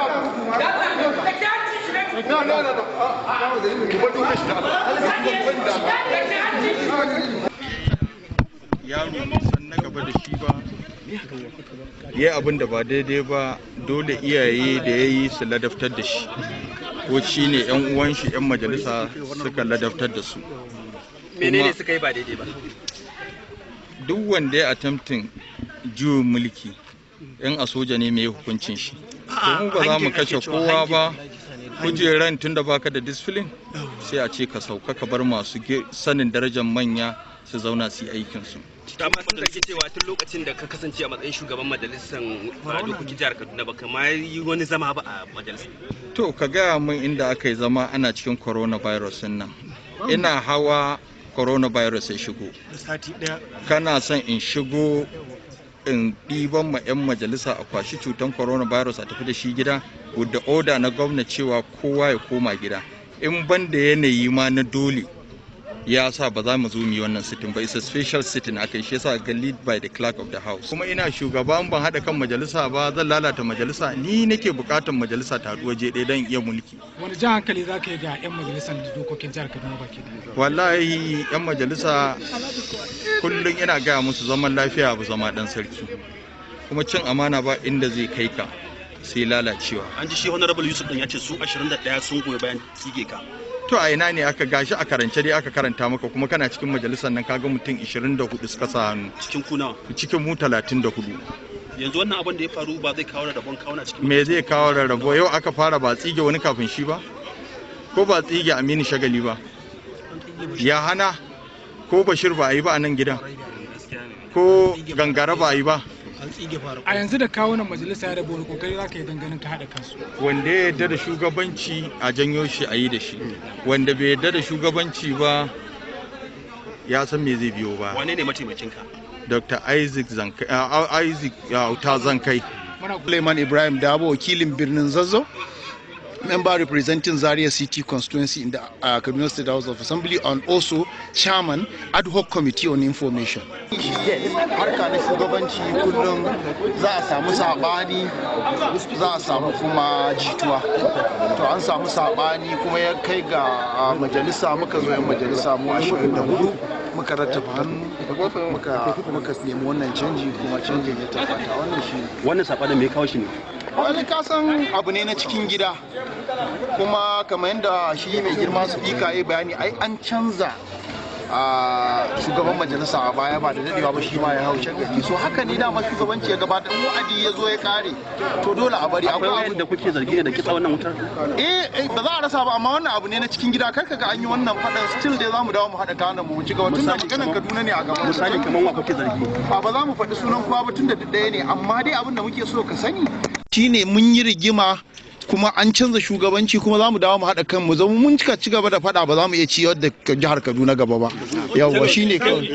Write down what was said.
Yaro san na gaba da shi ba, ya abin da ba daidai ba dole iyaye da ya yi su ladaftar da shi, ko shi ne 'yan uwan shi 'yan majalisa suka ladaftar da su. Menene suka yi ba daidai ba? Duk wanda ya attempting juyin mulki, 'yan a soja ne mai hukuncin shi. mu ba za mu kashe kowa ba kujeran tun da baka da disfilin sai a ce ka sauka ka bar masu sanin darajar manya su zauna su yi aikinsu. amma da ke cewa tun lokacin da ka kasance a matsayin shugaban majalisar farado kuki jihar kaduna ba kama yi wani zama ba a majalisar to ka gaya min inda aka yi zama ana cikin coronavirus nan ina hawa coronavirus ya shigo kana son in shigo in ɗiban ma 'yan majalisa a kwashi cutar coronavirus a tafi da shi gida wadda oda na gwamna cewa kowa ya koma gida in banda yanayi ma na dole ya sa ba za mu zo mu yi wannan sitin ba It's a special sitting. A akai shi yasa ga lead by the clerk of the house kuma ina shugaban ban hada kan majalisa ba zan lalata majalisa ni nake bukatan majalisa ta haɗu waje ɗaya don iya mulki wani jan hankali za ka yi ga 'yan majalisa da dokokin jihar kaduna ba ke da? wallahi 'yan majalisa kullum ina gaya musu zaman lafiya ba zama dan sarki kuma cin amana ba inda zai kai ka sai lalacewa an ji shi honorable yusuf din ya ce su 21 sun goyi bayan tsige ka to a ina ne aka gashi a karance dai aka karanta maka kuma kana cikin majalisar nan kaga mutum 24 suka sa hannu cikin kuna cikin mu 34 yanzu wannan abin da ya faru ba zai kawo rarrabon kawuna cikin me zai kawo rarrabo yau aka fara ba tsige wani kafin shi ba ko ba tsige Aminu Shagali ba ya hana ko Bashir ba a yi ba a nan gidan ko gangara ba a yi ba tsige fara a yanzu da kawunan majalisa ya rabu kokari za ka yi dangane ka haɗa kansu wanda ya yarda da shugabanci a janyo shi a yi da shi wanda bai yarda da shugabanci ba ya san me zai biyo ba wane ne mataimakinka dr isaac zankai uh, Kuleman uh, uh zankai Suleiman Ibrahim Dabo wakilin birnin Zazzau member representing Zaria City constituency in the uh, Kaduna State House of Assembly and also chairman ad hoc committee on information. harka na shugabanci kullum za a samu sabani za a samu kuma jituwa to an samu sabani kuma ya kai ga majalisa muka zo yan majalisa mu 24 muka rattafa hannu muka nemi wannan canji kuma canjin ya tabbata wannan shi wannan sabanin me kawo shi ne wani kasan abu ne na cikin gida kuma kamar yadda shi mai girma su ya bayani ai an canza a shugaban majalisa a baya ba da dadewa ba shi ma ya hau gari so haka ne dama shugabanci ya gabata in wa'adi ya zo ya kare to dole a bari akwai wani da kuke zargi da kitsa wannan wutar eh, eh ba za a rasa ba amma wannan abu ne na cikin gida kar ga an yi wannan fadan still dai zamu dawo mu hada kanan mu ci gaba tunda maganar Kaduna ne a gaba misali kaman wa kuke zargi ba ba za mu faɗi sunan kowa ba tunda duk ɗaya ne amma dai abin da muke so ka sani shine mun yi rigima kuma an canza shugabanci kuma za mu dawo mu haɗa kanmu zama mun cika ci gaba da faɗa ba za mu iya ciyar da jihar kaduna gaba ba yawwa shine kawai